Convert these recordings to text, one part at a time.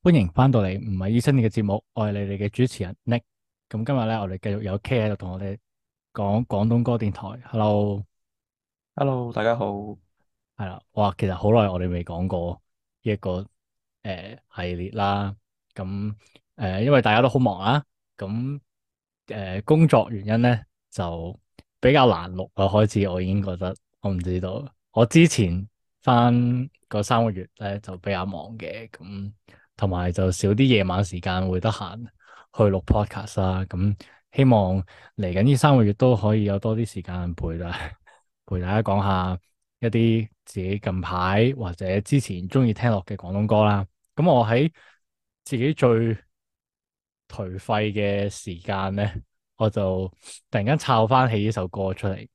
歡迎翻到嚟，唔係醫生你嘅節目，我係你哋嘅主持人 Nick。咁今日咧，我哋繼續有 K 喺度同我哋講廣東歌電台。Hello，Hello，Hello，大家好。係啦，哇，其實好耐我哋未講過一、這個誒、呃、系列啦。咁誒、呃，因為大家都好忙啦、啊。咁誒、呃，工作原因咧就比較難錄啊。開始我已經覺得我唔知道。我之前翻嗰三個月咧就比較忙嘅咁。同埋就少啲夜晚時間會得閒去錄 podcast 啦、啊，咁、嗯、希望嚟緊呢三個月都可以有多啲時間陪大陪大家講下一啲自己近排或者之前中意聽落嘅廣東歌啦。咁、啊嗯、我喺自己最頹廢嘅時間咧，我就突然間抄翻起呢首歌出嚟，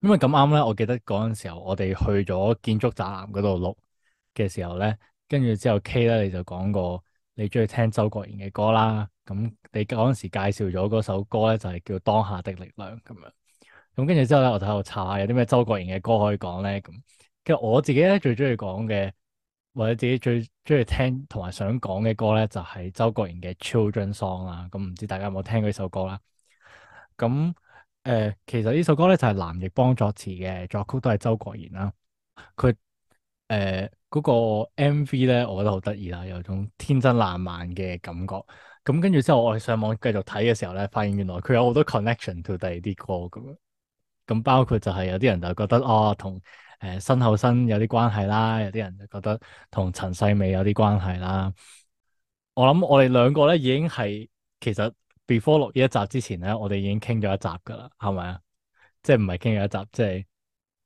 因為咁啱咧，我記得嗰陣時候我哋去咗建築棧嗰度錄嘅時候咧。跟住之後，K 咧你就講過你中意聽周國賢嘅歌啦。咁你嗰陣時介紹咗嗰首歌咧，就係、是、叫《當下的力量》咁樣。咁跟住之後咧，我就喺度查下有啲咩周國賢嘅歌可以講咧。咁其實我自己咧最中意講嘅或者自己最中意聽同埋想講嘅歌咧，就係、是、周國賢嘅《Children Song》啦。咁唔知大家有冇聽過呢首歌啦？咁誒、呃，其實呢首歌咧就係藍奕邦作詞嘅，作曲都係周國賢啦。佢。誒，嗰、呃那個 MV 咧，我覺得好得意啦，有種天真爛漫嘅感覺。咁跟住之後，我喺上網繼續睇嘅時候咧，發現原來佢有好多 connection to 第二啲歌咁。咁包括就係有啲人就覺得哦，同誒身後生有啲關係啦，有啲人就覺得同陳世美有啲關係啦。我諗我哋兩個咧已經係其實 before 錄呢一集之前咧，我哋已經傾咗一集噶啦，係咪啊？即係唔係傾咗一集，即係。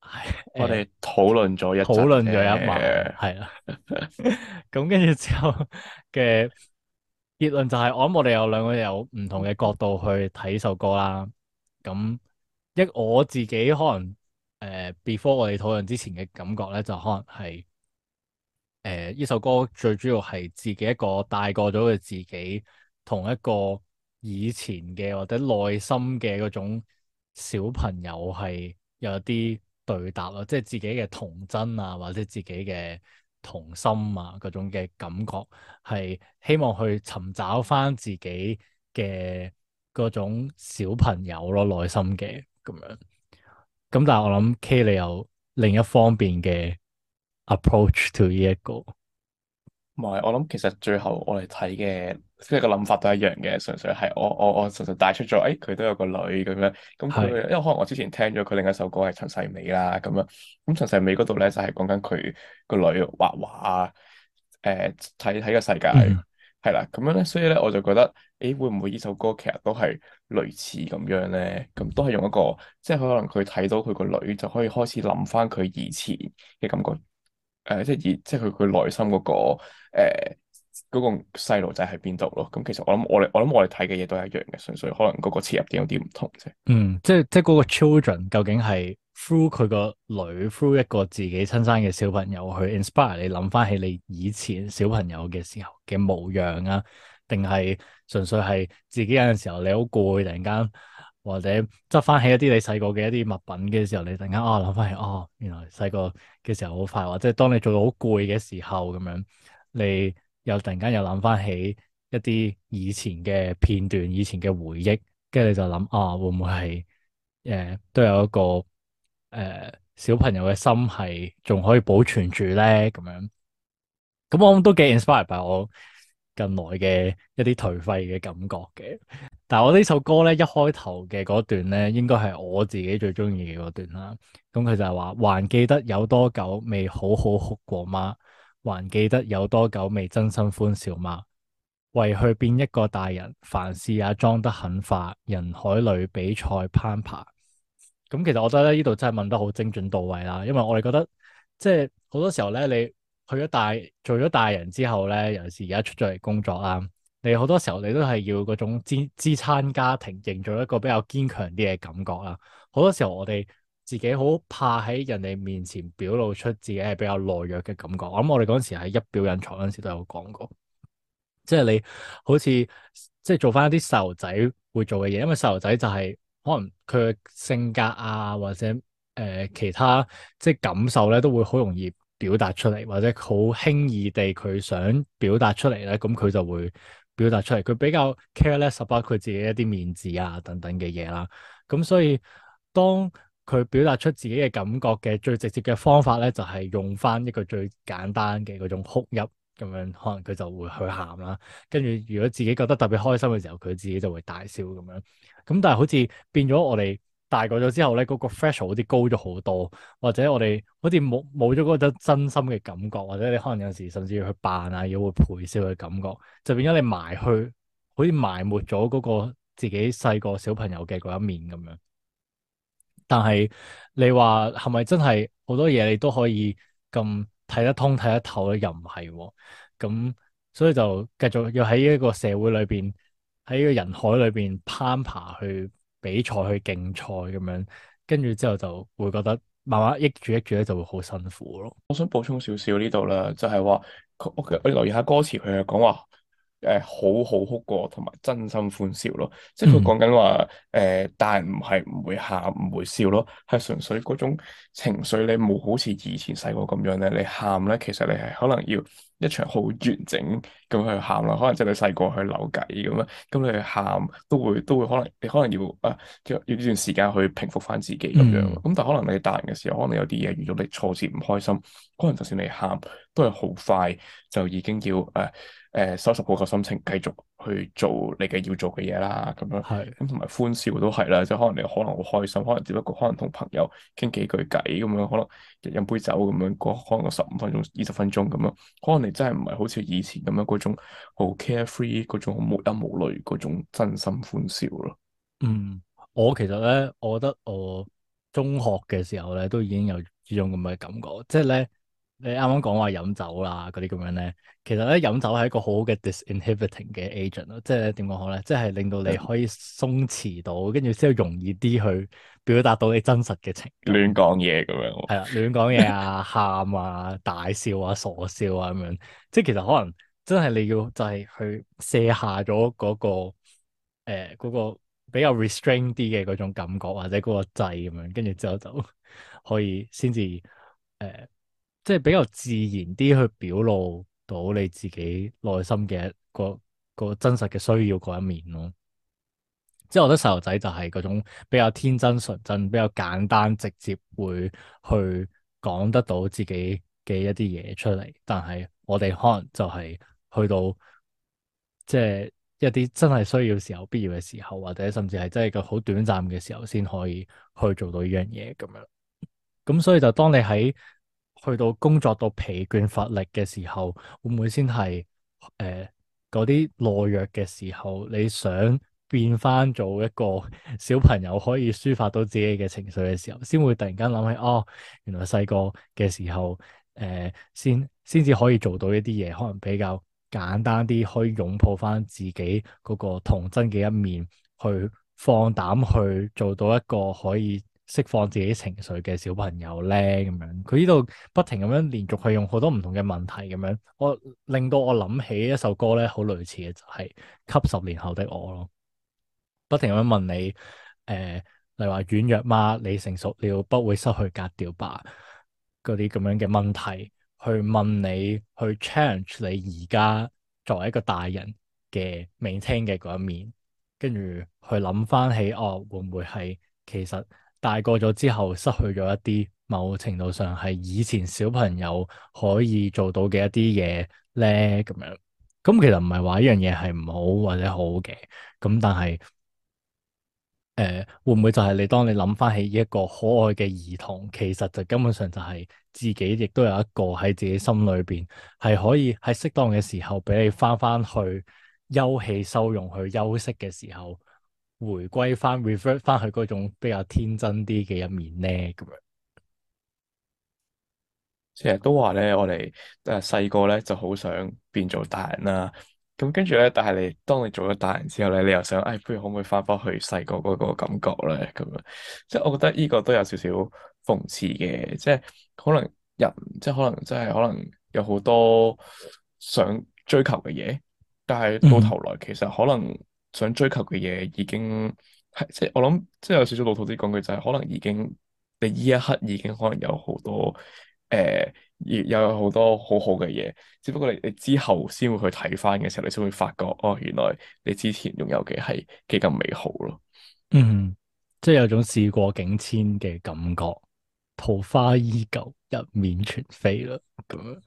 係， 我哋討論咗一，討論咗一晚，係啦 是的。咁跟住之後嘅結論就係、是，我諗我哋有兩個有唔同嘅角度去睇首歌啦。咁一我自己可能誒、呃、，before 我哋討論之前嘅感覺咧，就可能係誒呢首歌最主要係自己一個大個咗嘅自己，同一個以前嘅或者內心嘅嗰種小朋友係又有啲。對答咯，即係自己嘅童真啊，或者自己嘅童心啊，嗰種嘅感覺係希望去尋找翻自己嘅嗰種小朋友咯、啊，內心嘅咁樣。咁但係我諗 K 你有另一方面嘅 approach to 呢、這、一個。唔係，我諗其實最後我哋睇嘅。即係個諗法都一樣嘅，純粹係我我我純粹帶出咗，誒、哎、佢都有個女咁樣，咁佢的因為可能我之前聽咗佢另一首歌係陳世美啦，咁樣，咁陳世美嗰度咧就係講緊佢個女畫畫啊，誒睇睇個世界，係啦、嗯，咁樣咧，所以咧我就覺得，誒、欸、會唔會呢首歌其實都係類似咁樣咧？咁都係用一個，即、就、係、是、可能佢睇到佢個女就可以開始諗翻佢以前嘅感覺，誒即係以即係佢佢內心嗰、那個誒。呃嗰個細路仔喺邊度咯？咁其實我諗，我哋我諗我哋睇嘅嘢都係一樣嘅，純粹可能嗰個切入點有啲唔同啫。嗯，即係即係嗰個 children 究竟係 through 佢個女，through 一個自己親生嘅小朋友去 inspire 你，諗翻起你以前小朋友嘅時候嘅模樣啊？定係純粹係自己有陣時候你好攰，突然間或者執翻起一啲你細個嘅一啲物品嘅時候，你突然間啊諗翻起哦，原來細個嘅時候好快，或者當你做到好攰嘅時候咁樣你。又突然間又諗翻起一啲以前嘅片段、以前嘅回憶，跟住你就諗啊，會唔會係誒、呃，都有一個誒、呃、小朋友嘅心係，仲可以保存住咧？咁樣咁，我諗都幾 inspire by 我近來嘅一啲頹廢嘅感覺嘅。但係我呢首歌咧，一開頭嘅嗰段咧，應該係我自己最中意嘅嗰段啦。咁、嗯、佢就係話，還記得有多久未好好哭過嗎？還記得有多久未真心歡笑嗎？為去變一個大人，凡事也裝得很化，人海裏比賽攀爬。咁其實我覺得咧，呢度真係問得好精準到位啦。因為我哋覺得，即係好多時候咧，你去咗大做咗大人之後咧，尤其是而家出咗嚟工作啦，你好多時候你都係要嗰種支支撐家庭，營造一個比較堅強啲嘅感覺啦。好多時候我哋。自己好怕喺人哋面前表露出自己係比較懦弱嘅感覺。咁我哋嗰陣時係一表人才嗰陣時都有講過，即係你好似即係做翻一啲細路仔會做嘅嘢，因為細路仔就係可能佢嘅性格啊或者誒其他即係感受咧都會好容易表達出嚟，或者好輕易地佢想表達出嚟咧，咁佢就會表達出嚟。佢比較 careless about 佢自己一啲面子啊等等嘅嘢啦。咁所以當佢表達出自己嘅感覺嘅最直接嘅方法咧，就係、是、用翻一個最簡單嘅嗰種哭泣咁樣，可能佢就會去喊啦。跟住如果自己覺得特別開心嘅時候，佢自己就會大笑咁樣。咁但係好似變咗，我哋大個咗之後咧，嗰、那個 threshold 好似高咗好多，或者我哋好似冇冇咗嗰真心嘅感覺，或者你可能有時甚至要去扮啊，要會陪笑嘅感覺，就變咗你埋去，好似埋沒咗嗰個自己細個小朋友嘅嗰一面咁樣。但係你話係咪真係好多嘢你都可以咁睇得通睇得透咧？又唔係喎，咁所以就繼續要喺一個社會裏邊喺一個人海裏邊攀爬去比賽去競賽咁樣，跟住之後就會覺得慢慢益住益住咧就會好辛苦咯。我想補充少少呢度啦，就係話我我留意下歌詞佢係講話。誒、呃、好好哭過，同埋真心歡笑咯。即係佢講緊話誒，大人唔係唔會喊唔會笑咯，係純粹嗰種情緒你冇好似以前細個咁樣咧。你喊咧，其實你係可能要一場好完整咁去喊咯。可能即係你細個去扭計咁樣，咁你去喊都會都會可能你可能要啊、呃、要要呢段時間去平復翻自己咁樣。咁、嗯、但係可能你大人嘅時候，可能有啲嘢遇到你挫折唔開心，可能就算你喊，都係好快就已經要誒。呃誒、呃、收拾好個心情，繼續去做你嘅要做嘅嘢啦，咁樣。係咁同埋歡笑都係啦，即係可能你可能好開心，可能只不過可能同朋友傾幾句偈咁樣，可能飲杯酒咁樣，可能十五分鐘、二十分鐘咁樣，可能你真係唔係好似以前咁樣嗰種好 carefree 嗰種無憂無慮嗰種真心歡笑咯。嗯，我其實咧，我覺得我中學嘅時候咧，都已經有呢種咁嘅感覺，即係咧。你啱啱講話飲酒啦，嗰啲咁樣咧，其實咧飲酒係一個好嘅 disinhibiting 嘅 agent 咯，即係點講好咧？即係令到你可以鬆弛到，跟住之後容易啲去表達到你真實嘅情感。亂講嘢咁樣。係啦，亂講嘢啊，喊 啊，大笑啊，傻笑啊，咁樣，即係其實可能真係你要就係去卸下咗嗰、嗰個誒、呃嗰個比較 restrain 啲嘅嗰種感覺或者嗰個掣咁樣，跟住之後就可以先至誒。呃即係比較自然啲去表露到你自己內心嘅個個真實嘅需要嗰一面咯。即係我覺得細路仔就係嗰種比較天真純真、比較簡單直接，會去講得到自己嘅一啲嘢出嚟。但係我哋可能就係去到即係、就是、一啲真係需要時候、必要嘅時候，或者甚至係真係個好短暫嘅時候，先可以去做到呢樣嘢咁樣。咁所以就當你喺。去到工作到疲倦乏力嘅時候，會唔會先係誒嗰啲懦弱嘅時候？你想變翻做一個小朋友，可以抒發到自己嘅情緒嘅時候，先會突然間諗起哦，原來細個嘅時候誒、呃，先先至可以做到一啲嘢，可能比較簡單啲，可以擁抱翻自己嗰個童真嘅一面，去放膽去做到一個可以。釋放自己情緒嘅小朋友咧，咁樣佢呢度不停咁樣連續去用好多唔同嘅問題咁樣，我令到我諗起一首歌咧，好類似嘅就係、是《給十年後的我》咯。不停咁樣問你，誒、呃，例如話軟弱嗎？你成熟了不會失去格調吧？嗰啲咁樣嘅問題去問你，去 challenge 你而家作為一個大人嘅未聽嘅嗰一面，跟住去諗翻起我、哦、會唔會係其實？大個咗之後，失去咗一啲某程度上係以前小朋友可以做到嘅一啲嘢咧，咁樣咁其實唔係話呢樣嘢係唔好或者好嘅，咁但係誒、呃、會唔會就係你當你諗翻起一個可愛嘅兒童，其實就根本上就係自己亦都有一個喺自己心裏邊係可以喺適當嘅時候俾你翻翻去休憩收容去休息嘅時候。回歸翻，revert 翻去嗰種比較天真啲嘅一面咧，咁樣。成日都話咧，我哋誒細個咧就好想變做大人啦。咁跟住咧，但係你當你做咗大人之後咧，你又想，誒、哎，不如可唔可以翻翻去細個嗰個感覺咧？咁樣，即係我覺得呢個都有少少諷刺嘅。即係可能人，即係可能真，即係可能有好多想追求嘅嘢，但係到頭來其實可能、嗯。想追求嘅嘢已經係，即係我諗，即係有少少老土啲講句就係，可能已經你依一刻已經可能有好多誒，亦有好多好好嘅嘢，只不過你你之後先會去睇翻嘅時候，你先會發覺哦，原來你之前擁有嘅係幾咁美好咯。嗯，即係有種事過境遷嘅感覺，桃花依舊一面全非啦。咁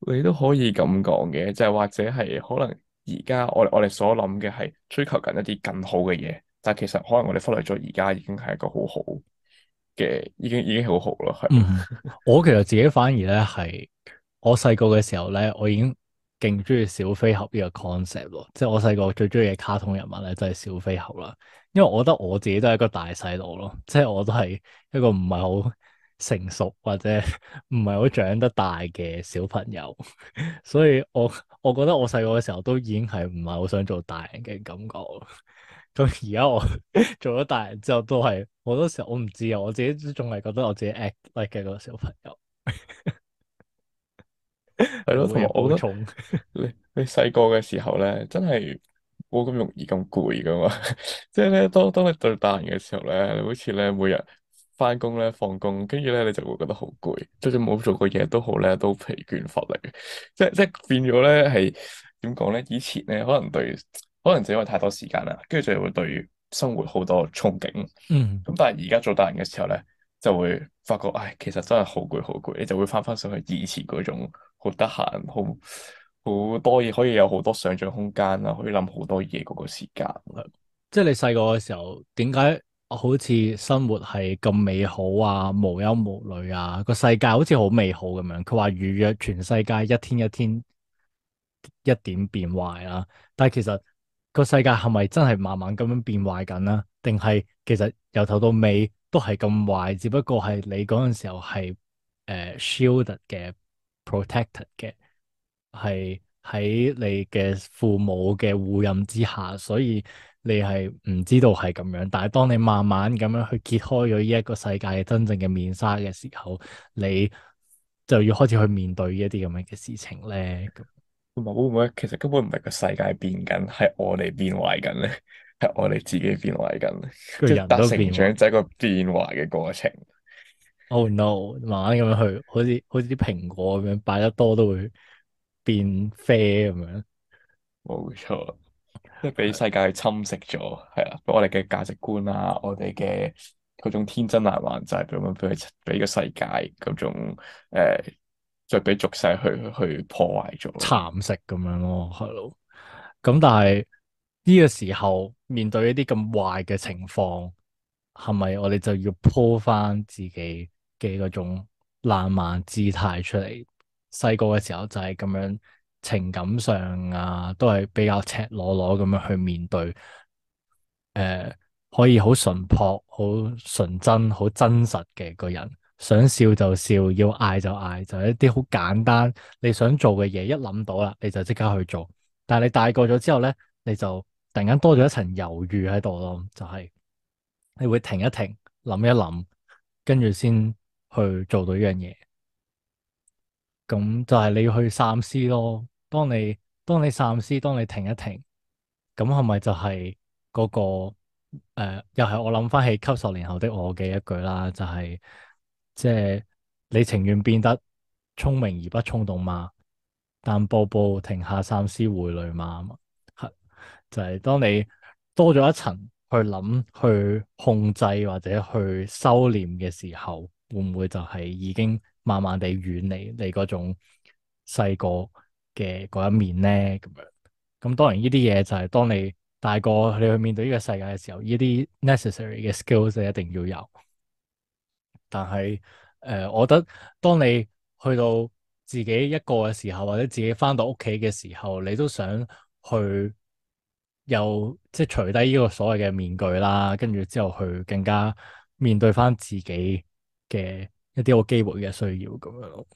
你都可以咁講嘅，就係或者係可能。而家我我哋所諗嘅係追求緊一啲更好嘅嘢，但係其實可能我哋忽略咗而家已經係一個好好嘅，已經已經好好咯。係、嗯，我其實自己反而咧，係我細個嘅時候咧，我已經勁中意小飛俠呢個 concept 咯，即係我細個最中意嘅卡通人物咧就係小飛俠啦。因為我覺得我自己都係一個大細路咯，即係我都係一個唔係好。成熟或者唔係好長得大嘅小朋友， 所以我我覺得我細個嘅時候都已經係唔係好想做大人嘅感覺。咁而家我做咗大人之後都係好多時候我唔知啊，我自己仲係覺得我自己 act like 個小朋友。係 咯， 同我我覺得你你細個嘅時候咧，真係冇咁容易咁攰㗎嘛。即係咧，當當你做大人嘅時候咧，你好似咧每日。翻工咧，放工，跟住咧，你就會覺得好攰，就算冇做過嘢都好咧，都疲倦乏力。 即係即係變咗咧，係點講咧？以前咧，可能對，可能就因為太多時間啦，跟住就會對生活好多憧憬。嗯。咁但係而家做大人嘅時候咧，就會發覺，唉、哎，其實真係好攰，好攰。你就會翻翻上去以前嗰種好得閒，好好多嘢可以有好多想像空間啦，可以諗好多嘢嗰個時間啦。 即係你細個嘅時候，點解？好似生活係咁美好啊，無憂無慮啊，個世界好似好美好咁樣。佢話如若全世界一天一天一點變壞啦、啊，但係其實個世界係咪真係慢慢咁樣變壞緊啦？定係其實由頭到尾都係咁壞，只不過係你嗰陣時候係誒、uh, shielded 嘅，protected 嘅，係喺你嘅父母嘅護蔭之下，所以。你係唔知道係咁樣，但係當你慢慢咁樣去揭開咗呢一個世界嘅真正嘅面紗嘅時候，你就要開始去面對一啲咁樣嘅事情咧。同埋會唔會其實根本唔係個世界變緊，係我哋變壞緊咧？係我哋自己變壞緊，人都成長就係一個變壞嘅過程。Oh no！慢慢咁樣去，好似好似啲蘋果咁樣擺得多都會變啡咁樣。冇錯。即係俾世界去侵蝕咗，係啊！俾我哋嘅價值觀啊， 我哋嘅嗰種天真爛漫就係咁樣俾佢俾個世界嗰種、呃、就再俾俗世去去破壞咗。蠶食咁樣咯，係咯。咁但係呢、呢個時候面對一啲咁壞嘅情況，係咪我哋就要鋪翻自己嘅嗰種爛漫姿態出嚟？細個嘅時候就係咁樣。情感上啊，都係比較赤裸裸咁樣去面對，誒、呃，可以好純樸、好純真、好真實嘅個人，想笑就笑，要嗌就嗌，就係、一啲好簡單，你想做嘅嘢一諗到啦，你就即刻去做。但係你大個咗之後咧，你就突然間多咗一層猶豫喺度咯，就係、是、你會停一停，諗一諗，跟住先去做到呢樣嘢。咁就係你要去三思咯。當你當你三思，當你停一停，咁係咪就係嗰、那個誒、呃？又係我諗翻起給十年後的我嘅一句啦，就係即係你情願變得聰明而不衝動嘛。但步步停下三思會累嘛，就係、是、當你多咗一層去諗、去控制或者去收斂嘅時候，會唔會就係已經慢慢地遠離你嗰種細個？嘅嗰一面咧，咁樣，咁當然呢啲嘢就係當你大個你去面對呢個世界嘅時候，呢啲 necessary 嘅 skills 你一定要有。但係誒、呃，我覺得當你去到自己一個嘅時候，或者自己翻到屋企嘅時候，你都想去有即係除低呢個所謂嘅面具啦，跟住之後去更加面對翻自己嘅一啲好機會嘅需要咁樣咯。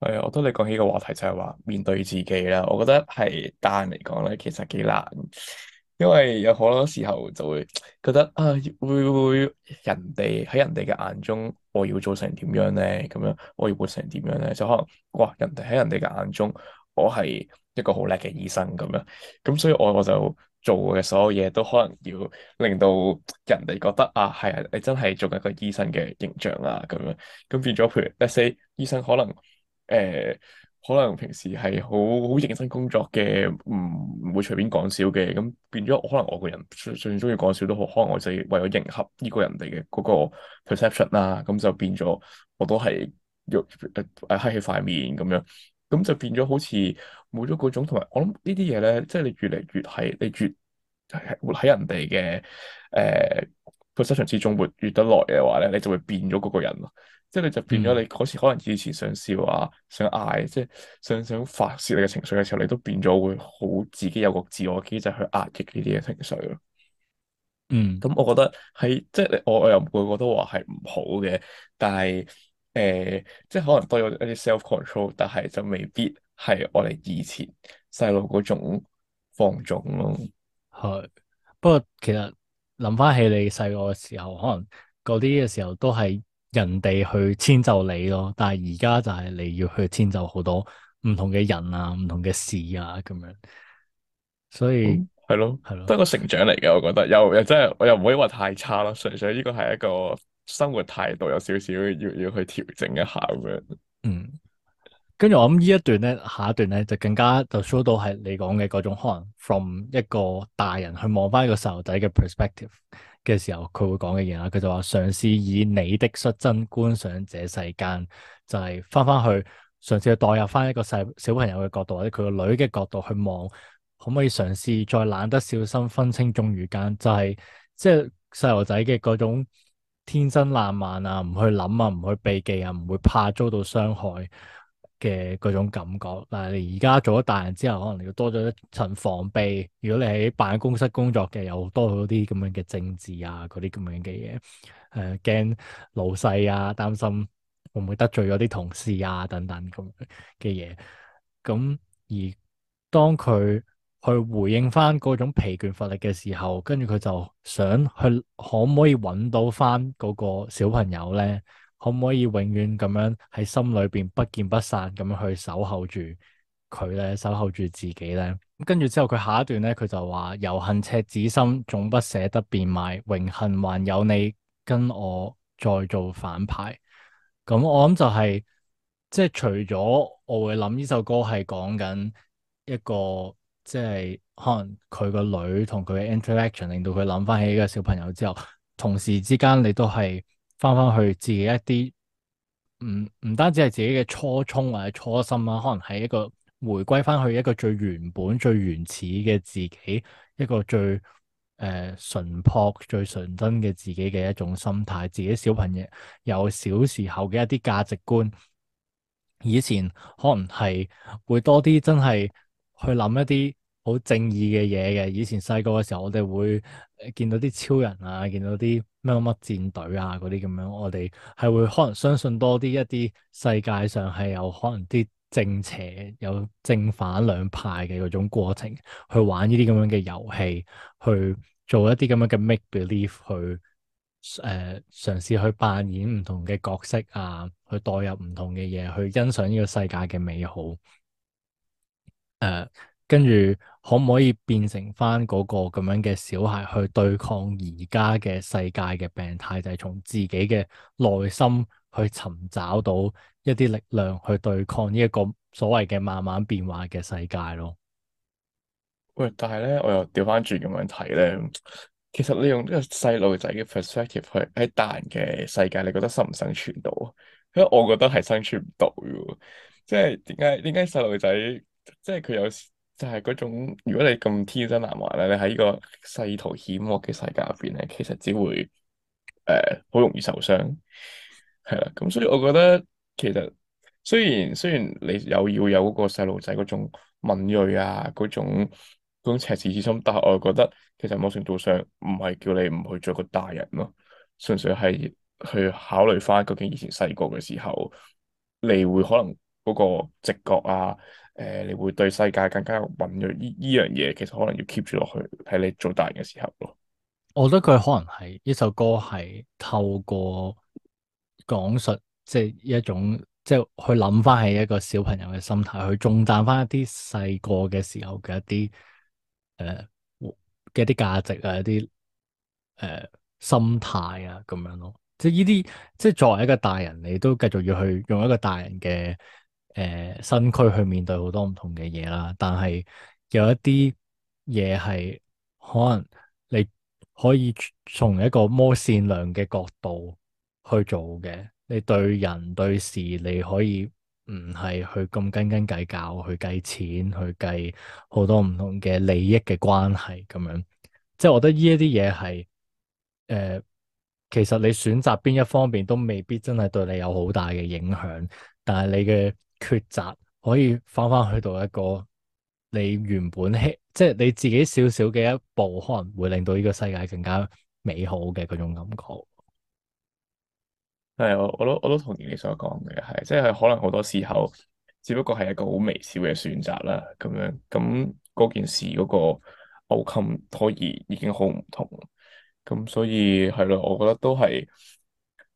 係啊、哎，我覺得你講起個話題就係話面對自己啦。我覺得係單嚟講咧，其實幾難，因為有好多時候就會覺得啊，會唔會人哋喺人哋嘅眼，眼中，我要做成點樣咧？咁樣我要活成點樣咧？就可能哇，人哋喺人哋嘅眼中，我係一個好叻嘅醫生咁樣。咁所以我我就做嘅所有嘢，都可能要令到人哋覺得啊，係啊，你真係做一個醫生嘅形象啊，咁樣咁變咗。譬如 Let's say 醫生可能。誒、呃、可能平時係好好認真工作嘅，唔唔會隨便講笑嘅，咁變咗。可能我個人最最中意講笑都好，可能我就係為咗迎合呢個人哋嘅嗰個 perception 啦。咁就變咗我都係要誒黑起塊面咁樣，咁就變咗好似冇咗嗰種。同埋我諗呢啲嘢咧，即係你越嚟越係你越係活喺人哋嘅誒、呃、perception 之中活越得耐嘅話咧，你就會變咗嗰個人咯。即係你就變咗，你嗰、嗯、時可能以前想笑啊，想嗌，即係想想發洩你嘅情緒嘅時候，你都變咗會好自己有個自我機制去壓抑呢啲嘅情緒咯。嗯，咁、嗯、我覺得喺即係我我又唔會覺得話係唔好嘅，但係誒、呃，即係可能多咗一啲 self control，但係就未必係我哋以前細路嗰種放縱咯。係，不過其實諗翻起你細個嘅時候，可能嗰啲嘅時候都係。人哋去遷就你咯，但係而家就係你要去遷就好多唔同嘅人啊，唔同嘅事啊咁樣。所以係咯，係咯、嗯，都係個成長嚟嘅。我覺得又又真係，我又唔會話太差咯。純粹呢個係一個生活態度，有少少要要去調整一下咁樣。嗯，跟住我諗呢一段咧，下一段咧就更加就 show 到係你講嘅嗰種可能，從一個大人去望翻一個細路仔嘅 perspective。嘅時候佢會講嘅嘢啦，佢就話嘗試以你的率真觀賞這世間，就係翻翻去嘗試去代入翻一個細小朋友嘅角度或者佢個女嘅角度去望，可唔可以嘗試再懶得小心分清眾與間？就係即係細路仔嘅嗰種天真爛漫啊，唔去諗啊，唔去，去避忌啊，唔會怕遭到傷害。嘅嗰種感覺，但係你而家做咗大人之後，可能要多咗一層防備。如果你喺辦公室工作嘅，又多咗啲咁樣嘅政治啊，嗰啲咁樣嘅嘢，誒、呃、驚老細啊，擔心會唔會得罪咗啲同事啊，等等咁嘅嘢。咁而當佢去回應翻嗰種疲倦乏力嘅時候，跟住佢就想去可唔可以揾到翻嗰個小朋友咧？可唔可以永遠咁樣喺心裏邊不見不散咁樣去守候住佢咧，守候住自己咧。咁跟住之後，佢下一段咧，佢就話：猶 恨赤子心，總不捨得變賣。榮幸還有你跟我再做反派。咁、嗯、我諗就係、是、即係除咗我會諗呢首歌係講緊一個即係、就是、可能佢個女同佢嘅 interaction 令到佢諗返起呢個小朋友之後，同時之間你都係。翻翻去自己一啲唔唔單止係自己嘅初衷、啊、或者初心啦、啊，可能係一個回歸翻去一個最原本、最原始嘅自己，一個最誒純、呃、樸、最純真嘅自己嘅一種心態。自己小朋友有小時候嘅一啲價值觀，以前可能係會多啲真係去諗一啲好正義嘅嘢嘅。以前細個嘅時候，我哋會見到啲超人啊，見到啲。咩乜戰隊啊嗰啲咁樣，我哋係會可能相信多啲一啲世界上係有可能啲正邪有正反兩派嘅嗰種過程，去玩呢啲咁樣嘅遊戲，去做一啲咁樣嘅 make believe 去誒嘗試去扮演唔同嘅角色啊，去代入唔同嘅嘢，去欣賞呢個世界嘅美好誒。呃跟住可唔可以變成翻嗰個咁樣嘅小孩去對抗而家嘅世界嘅病態，就係從自己嘅內心去尋找到一啲力量去對抗呢一個所謂嘅慢慢變化嘅世界咯。喂，但係咧，我又調翻轉咁樣睇咧，其實你用呢個細路仔嘅 perspective 去喺大人嘅世界，你覺得生唔生存到？因為我覺得係生存唔到嘅，即係點解？點解細路仔即係佢有？就係嗰種，如果你咁天真難壞咧，你喺呢個世途險惡嘅世界入邊咧，其實只會誒好、呃、容易受傷，係啦。咁所以我覺得其實雖然雖然你有要有嗰個細路仔嗰種敏鋭，啊，嗰種，嗰種赤子之心，但係我又覺得其實某程度上唔係叫你唔去做個大人咯，純粹係去考慮翻究竟以前細個嘅時候，你會可能嗰個直覺啊。誒、呃，你會對世界更加敏銳，依呢樣嘢其實可能要 keep 住落去，喺你做大人嘅時候咯。我覺得佢可能係一首歌，係透過講述，即係一種，即係去諗翻起一個小朋友嘅心態，去重擔翻一啲細個嘅時候嘅一啲誒嘅一啲價值啊，一啲誒、呃、心態啊，咁樣咯。即係呢啲，即係作為一個大人，你都繼續要去用一個大人嘅。誒，新區、呃、去面對好多唔同嘅嘢啦，但係有一啲嘢係可能你可以從一個摩善良嘅角度去做嘅，你對人對事你可以唔係去咁斤斤計較，去計錢，去計好多唔同嘅利益嘅關係咁樣，即係我覺得呢一啲嘢係誒，其實你選擇邊一方面都未必真係對你有好大嘅影響，但係你嘅。抉擇可以翻翻去到一個你原本希，即係你自己少少嘅一步，可能會令到呢個世界更加美好嘅嗰種感覺。係， 我我都我都同意你所講嘅，係即係可能好多時候，只不過係一個好微小嘅選擇啦，咁樣咁嗰件事嗰個 outcome 已經好唔同，咁所以係咯，我覺得都係。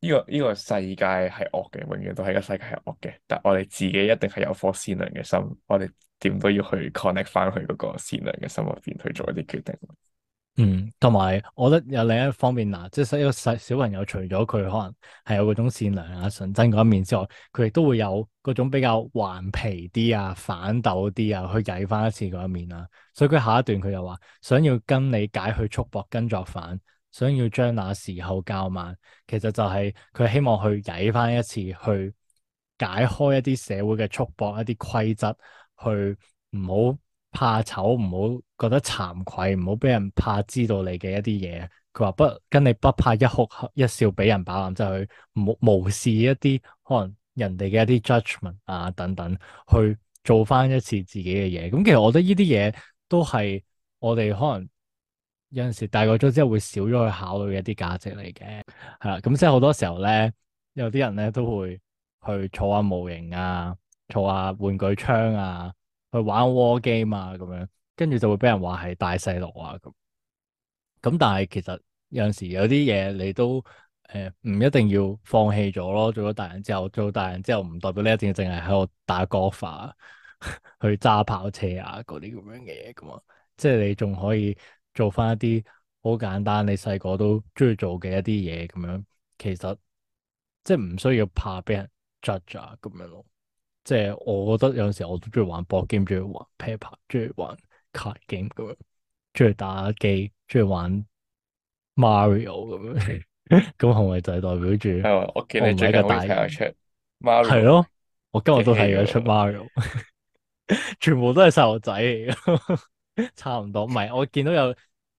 呢個呢個世界係惡嘅，永遠都係一個世界係惡嘅。但係我哋自己一定係有顆善良嘅心，我哋點都要去 connect 翻去嗰個善良嘅心入邊去做一啲決定。嗯，同埋我覺得有另一方面嗱，即係一個細小朋友，除咗佢可能係有嗰種善良啊純真嗰一面之外，佢亦都會有嗰種比較頑皮啲啊、反鬥啲啊，去曳翻一次嗰一面啦。所以佢下一段佢又話，想要跟你解去束縛跟作反。想要將那時候較慢，其實就係佢希望去曳翻一次，去解開一啲社會嘅束縛、一啲規則，去唔好怕醜，唔好覺得慚愧，唔好俾人怕知道你嘅一啲嘢。佢話，不跟你不怕一哭一笑俾人飽覽，即係去無、無視一啲可能人哋嘅一啲 judgment 啊等等，去做翻一次自己嘅嘢。咁其實我覺得呢啲嘢都係我哋可能。有陣時大個咗之後會少咗去考慮一啲價值嚟嘅，係啦。咁即係好多時候咧，有啲人咧都會去坐下模型啊，坐下玩具槍啊，去玩 war game 啊咁樣，跟住就會俾人話係大細路啊咁。咁但係其實有陣時有啲嘢你都誒唔、呃、一定要放棄咗咯。做咗大人之後，做咗大人之後唔代表你一定，淨係喺度打 golf 啊、去揸跑車啊嗰啲咁樣嘅嘢咁啊，即係你仲可以。做翻一啲好簡單，你細個都中意做嘅一啲嘢咁樣，其實即係唔需要怕俾人 judge 啊咁樣咯。即係我覺得有陣時我都中意玩 board game，中意玩 paper，中意玩 card game 咁樣，中意打機，中意玩 Mario 咁樣。咁係咪就係代表住？ 我見你最近都睇下 check，係咯，我今日都睇咗出 Mario， 全部都係細路仔嚟。 差唔多，唔係我見到有，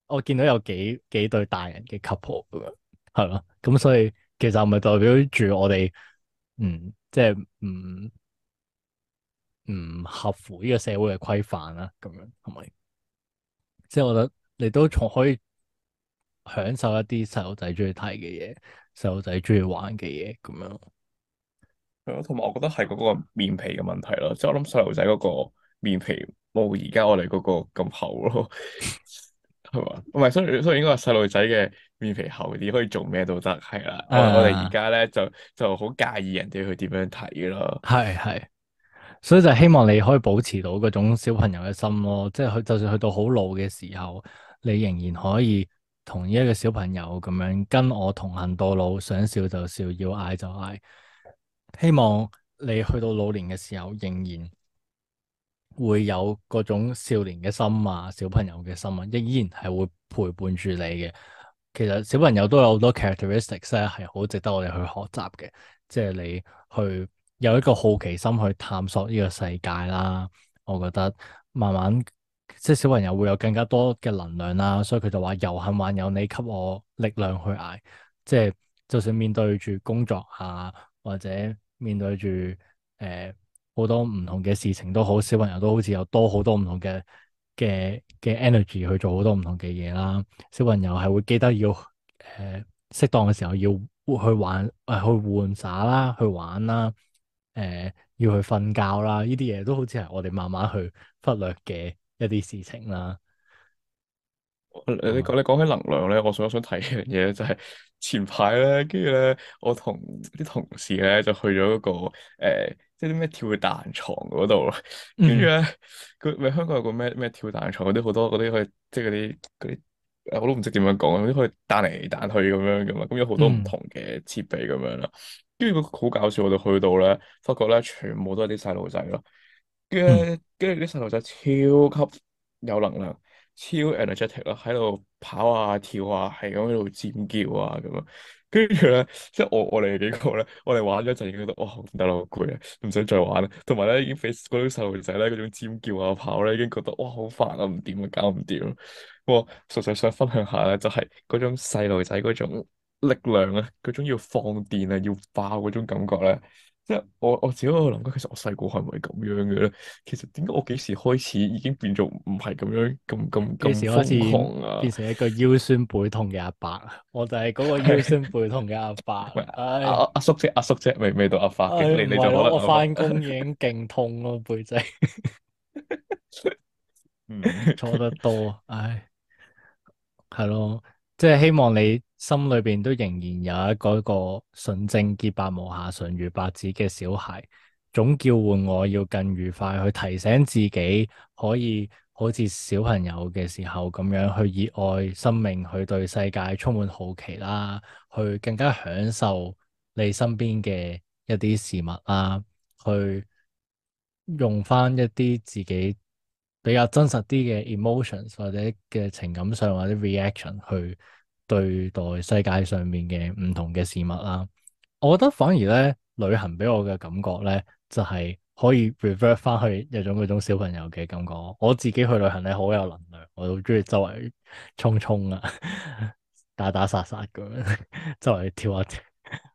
我見到有幾幾對大人嘅 couple 咁樣，係咯，咁所以其實唔係代表住我哋，嗯，即係唔唔合乎呢個社會嘅規範啦，咁樣係咪？即係我覺得你都仲可以享受一啲細路仔中意睇嘅嘢，細路仔中意玩嘅嘢咁樣。係咯，同埋我覺得係嗰個面皮嘅問題咯，即係我諗細路仔嗰個面皮。冇而家我哋嗰個咁厚咯，係 嘛？唔係，所以所以應該係細路仔嘅面皮厚啲，可以做咩都得。係啦，啊，我哋而家咧就就好介意人哋去點樣睇咯。係係，所以就希望你可以保持到嗰種小朋友嘅心咯，即係去就算去到好老嘅時候，你仍然可以同呢一個小朋友咁樣跟我同行到老，想笑就笑，要嗌就嗌。希望你去到老年嘅時候，仍然。會有嗰種少年嘅心啊，小朋友嘅心啊，依然係會陪伴住你嘅。其實小朋友都有好多 characteristics 咧、啊，係好值得我哋去學習嘅。即係你去有一個好奇心去探索呢個世界啦。我覺得慢慢即係小朋友會有更加多嘅能量啦，所以佢就話猶幸還有你給我力量去捱。即係就算面對住工作啊，或者面對住誒，呃好多唔同嘅事情都好，小朋友都好似有多好多唔同嘅嘅嘅 energy 去做好多唔同嘅嘢啦。小朋友係會記得要誒適、呃、當嘅時候要去玩誒去玩耍啦，去玩啦，誒、呃、要去瞓覺啦。呢啲嘢都好似係我哋慢慢去忽略嘅一啲事情啦。你講你講起能量咧，我想想睇樣嘢就係前排咧，跟住咧，我同啲同事咧就去咗一、那個誒。呃即係啲咩跳彈床嗰度，跟住咧，佢咪、嗯、香港有個咩咩跳彈床嗰啲好多嗰啲可以即係嗰啲嗰啲我都唔知點樣講，嗰啲可以彈嚟彈去咁樣噶嘛，咁有好多唔同嘅設備咁樣啦。跟住佢好搞笑，我就去到咧，發覺咧全部都係啲細路仔咯。跟跟住啲細路仔超級有能量，超 energetic 咯，喺度跑啊跳啊，係咁喺度尖叫啊咁啊。跟住咧，即係我我哋幾個咧，我哋玩咗一陣已經覺得哇，好唔得啦，好攰啊，唔想再玩啦。同埋咧，已經俾嗰種細路仔咧，嗰種尖叫啊跑咧，已經覺得哇，好煩啊，唔掂啊，搞唔掂、啊。我純粹想分享下咧，就係、是、嗰種細路仔嗰種力量啊，嗰種要放電啊，要爆嗰種感覺咧。即係我我自己喺度諗緊，其實我細個係咪咁樣嘅咧？其實點解我幾時開始已經變做唔係咁樣咁咁咁瘋狂啊？幾時開始變成一個腰酸背痛嘅阿伯、伯，我就係嗰個腰酸背痛嘅阿伯。阿阿、哎啊啊啊啊啊啊、叔姐，阿、啊、叔姐，未未到阿伯。嘅、哎、你你就可翻工已經勁痛咯背脊。嗯，坐得多，唉，係咯，即係、就是、希望你。心裏邊都仍然有一個一個純正潔白無瑕，純如白紙嘅小孩，總叫喚我要更愉快，去提醒自己可以好似小朋友嘅時候咁樣去熱愛生命，去對世界充滿好奇啦，去更加享受你身邊嘅一啲事物啦，去用翻一啲自己比較真實啲嘅 emotions 或者嘅情感上或者 reaction 去。對待世界上面嘅唔同嘅事物啦，我覺得反而咧，旅行俾我嘅感覺咧，就係、是、可以 revert 翻去一種嗰種小朋友嘅感覺。我自己去旅行咧，好有能量，我都中意周圍衝衝啊，打打殺殺咁樣，周圍跳下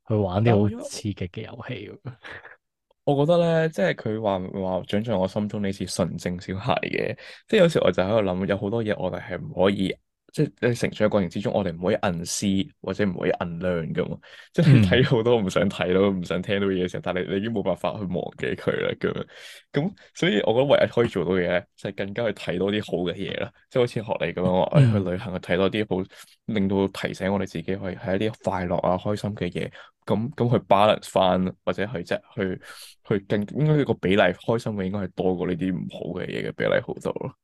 去玩啲好刺激嘅遊戲。 我覺得咧，即係佢話話長在我心中呢似純正小孩嘅，即係有時我就喺度諗，有好多嘢我哋係唔可以。即係你成長嘅過程之中，我哋唔可以 unsee 或者唔可以 unlearn 㗎嘛。即係睇好多唔想睇到、唔想聽到嘅嘢嘅時候，但係你已經冇辦法去忘記佢啦咁樣。咁所以我覺得唯一可以做到嘅嘢咧，就係、是、更加去睇多啲好嘅嘢啦。即、就、係、是、好似學你咁樣話，嗯、去旅行去睇多啲好，令到提醒我哋自己去睇一啲快樂啊開心嘅嘢。咁咁去 balance 翻，或者去即係去去更應該個比例開心嘅應該係多過呢啲唔好嘅嘢嘅比例好多咯。.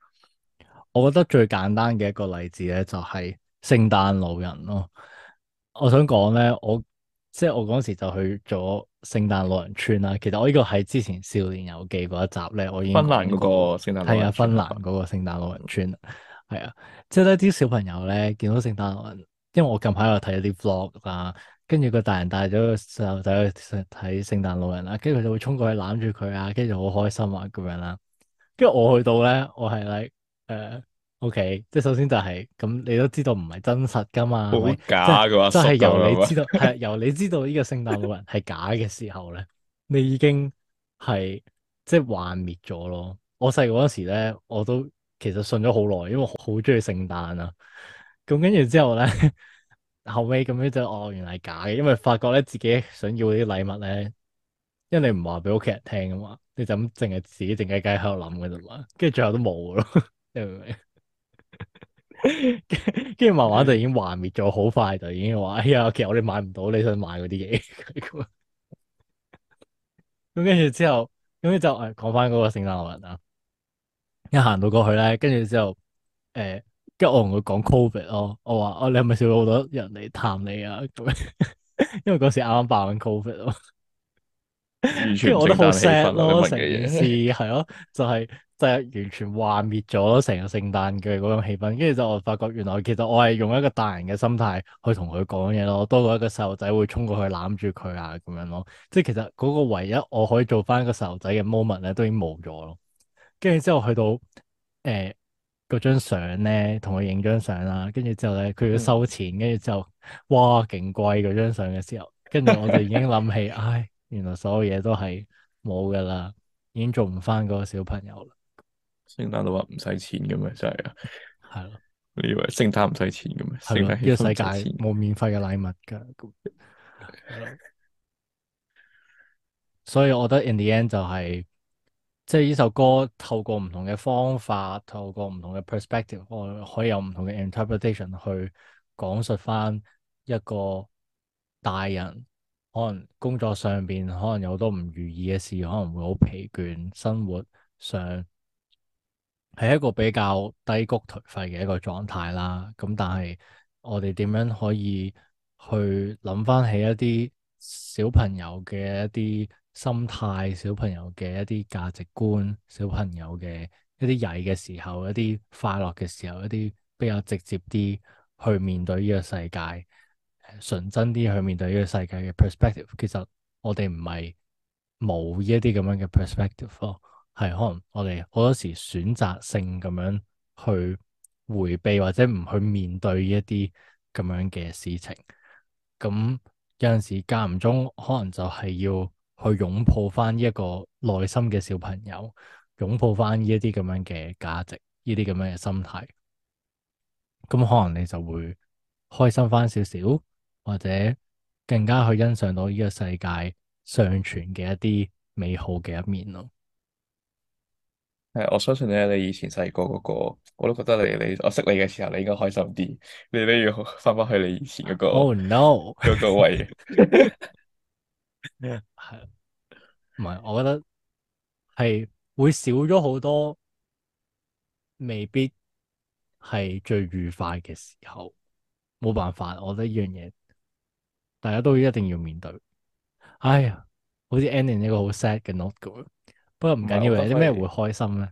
我覺得最簡單嘅一個例子咧，就係、是、聖誕老人咯。我想講咧，我即係我嗰時就去咗聖誕老人村啦。其實我呢個係之前《少年遊記》嗰一集咧，我已經過芬蘭嗰個聖誕，係啊，芬蘭嗰個聖誕老人村，係啊，啊，即係呢啲小朋友咧見到聖誕老人，因為我近排又睇一啲 Vlog 啊，跟住個大人帶咗個細路仔去睇聖誕老人啦，跟住佢就會衝過去攬住佢啊，跟住好開心啊咁樣啦。跟住我去到咧，我係誒，O K，即係首先就係、是、咁，你都知道唔係真實噶嘛，假嘅話，即係由你知道係 由你知道呢個聖誕老人係假嘅時候咧，你已經係即係幻滅咗咯。我細個嗰時咧，我都其實信咗好耐，因為好中意聖誕啊。咁跟住之後咧，後尾咁樣就哦，原來係假嘅，因為發覺咧自己想要啲禮物咧，因為你唔話俾屋企人聽噶嘛，你就咁淨係自己靜雞雞喺度諗噶啫嘛，跟住最後都冇咯。 跟住 慢慢就已經幻滅咗，好快就已經話：哎呀，其實我哋買唔到你想買嗰啲嘢。咁跟住之後，咁就誒講返嗰個聖誕老人啊！一行到過去咧，跟住之後誒，跟、哎、住我同佢講 covid 咯，我話：哦，你係咪少咗好多人嚟探你啊？ 因為嗰時啱啱爆緊 covid 啊嘛。完全好 sad 咯，成件事係咯，就係、是。即係就完全幻滅咗咯，成個聖誕嘅嗰種氣氛。跟住就我發覺，原來其實我係用一個大人嘅心態去同佢講嘢咯，多過一個細路仔會衝過去攬住佢啊咁樣咯。即係其實嗰個唯一我可以做翻一個細路仔嘅 moment 咧，都已經冇咗咯。跟住之後去到誒嗰、呃、張相咧，同佢影張相啦。跟住之後咧，佢要收錢，跟住之後就哇勁貴嗰張相嘅時候，跟住我就已經諗起，唉、 哎，原來所有嘢都係冇噶啦，已經做唔翻嗰個小朋友啦。聖誕佬話唔使錢嘅咩？真係啊，係咯的，你以為聖誕唔使錢嘅咩？係呢個世界冇免費嘅禮物噶，係咯 所以我覺得 in the end 就係、是，即係呢首歌透過唔同嘅方法，透過唔同嘅 perspective，可以有唔同嘅 interpretation 去講述翻一個大人可能工作上面可能有好多唔如意嘅事，可能會好疲倦，生活上。係一個比較低谷頹廢嘅一個狀態啦，咁但係我哋點樣可以去諗翻起一啲小朋友嘅一啲心態、小朋友嘅一啲價值觀、小朋友嘅一啲曳嘅時候、一啲快樂嘅時候、一啲比較直接啲去面對呢個世界、純真啲去面對呢個世界嘅 perspective，其實我哋唔係冇呢一啲咁樣嘅 perspective、哦係可能我哋好多時選擇性咁樣去回避或者唔去面對一啲咁樣嘅事情，咁有陣時間唔中可能就係要去擁抱翻呢一個內心嘅小朋友，擁抱翻呢一啲咁樣嘅價值，呢啲咁樣嘅心態，咁可能你就會開心翻少少，或者更加去欣賞到呢個世界尚存嘅一啲美好嘅一面咯。係，我相信咧，你以前細個嗰個，我都覺得你你，我識你嘅時候，你應該開心啲。你都要翻翻去你以前嗰、那個嗰、oh, no, 個位。係，唔係？我覺得係會少咗好多，未必係最愉快嘅時候。冇辦法，我覺得呢樣嘢，大家都一定要面對。哎呀，好似 ending 一個好 sad 嘅 note 咁。不過唔緊要嘅，啲咩會開心咧？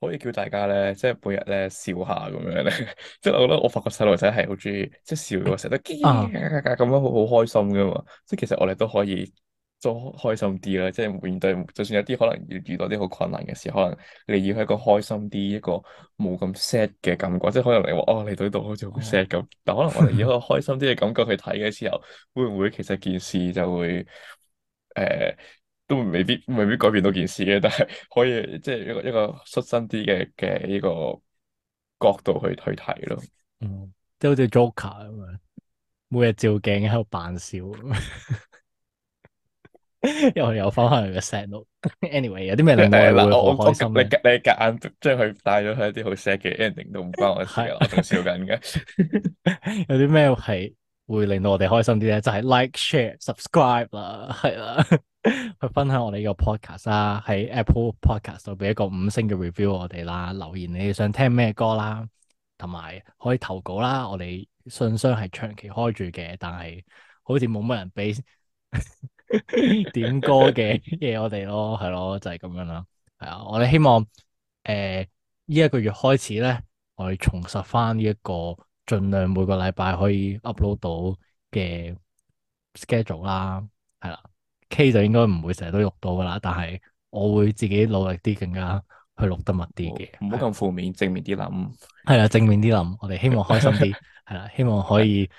可以叫大家咧，即係每日咧笑下咁樣咧。 即係我覺得我發覺細路仔係好中意，即係笑到成日都咁、哎、樣，好好開心噶嘛。即係其實我哋都可以做開心啲啦。即係面對，就算有啲可能遇遇到啲好困難嘅事，可能你要一個開心啲、一個冇咁 sad 嘅感覺，即係可能你話哦，你對度好似好 sad 咁。但可能我哋要一個開心啲嘅感,、哦哦、感覺去睇嘅時候， 會唔會其實件事就會誒？呃都未必未必改變到件事嘅，但係可以即係一個一個率真啲嘅嘅呢個角度去去睇咯。嗯，即係好似 Joker 咁樣，每日照鏡喺度扮笑， 又又翻翻嚟嘅 set 咯。Anyway，有啲咩另外你、哎哎哎、你夾硬將佢帶咗佢一啲好 sad 嘅 ending 都唔關我事的我仲笑緊嘅。 有啲咩係？會令到我哋開心啲咧，就係、是、Like, Share,、Share、Subscribe 啦，係啦，去分享我哋呢個 pod、啊、Podcast 啦，喺 Apple Podcast 度俾一個五星嘅 review 我哋啦，留言你哋想聽咩歌啦，同埋可以投稿啦，我哋信箱係長期開住嘅，但係好似冇乜人俾 點歌嘅嘢我哋咯，係咯，就係、是、咁樣啦，係啊，我哋希望誒呢一個月開始咧，我哋重拾翻呢一個。盡量每個禮拜可以 upload 到嘅 schedule 啦，係啦，K 就應該唔會成日都錄到噶啦，但係我會自己努力啲，更加去錄得密啲嘅。唔好咁負面，正面啲諗。係啦，正面啲諗，我哋希望開心啲，係啦，希望可以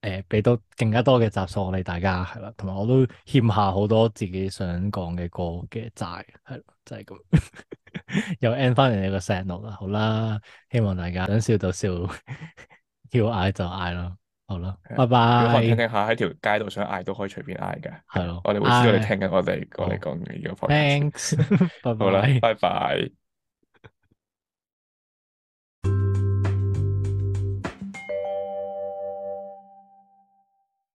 誒俾到更加多嘅集數俾大家，係啦，同埋我都欠下好多自己想講嘅歌嘅債，係就係咁。又 end 翻嚟你個 set note 啦，好啦，希望大家想笑就笑。要嗌就嗌咯，好啦，的拜拜。我聽聽下喺條街度想嗌都可以隨便嗌㗎，係咯的。我哋會知道你聽緊，喊我哋我哋講呢個。Oh, thanks， 好啦吧， 拜拜。拜拜。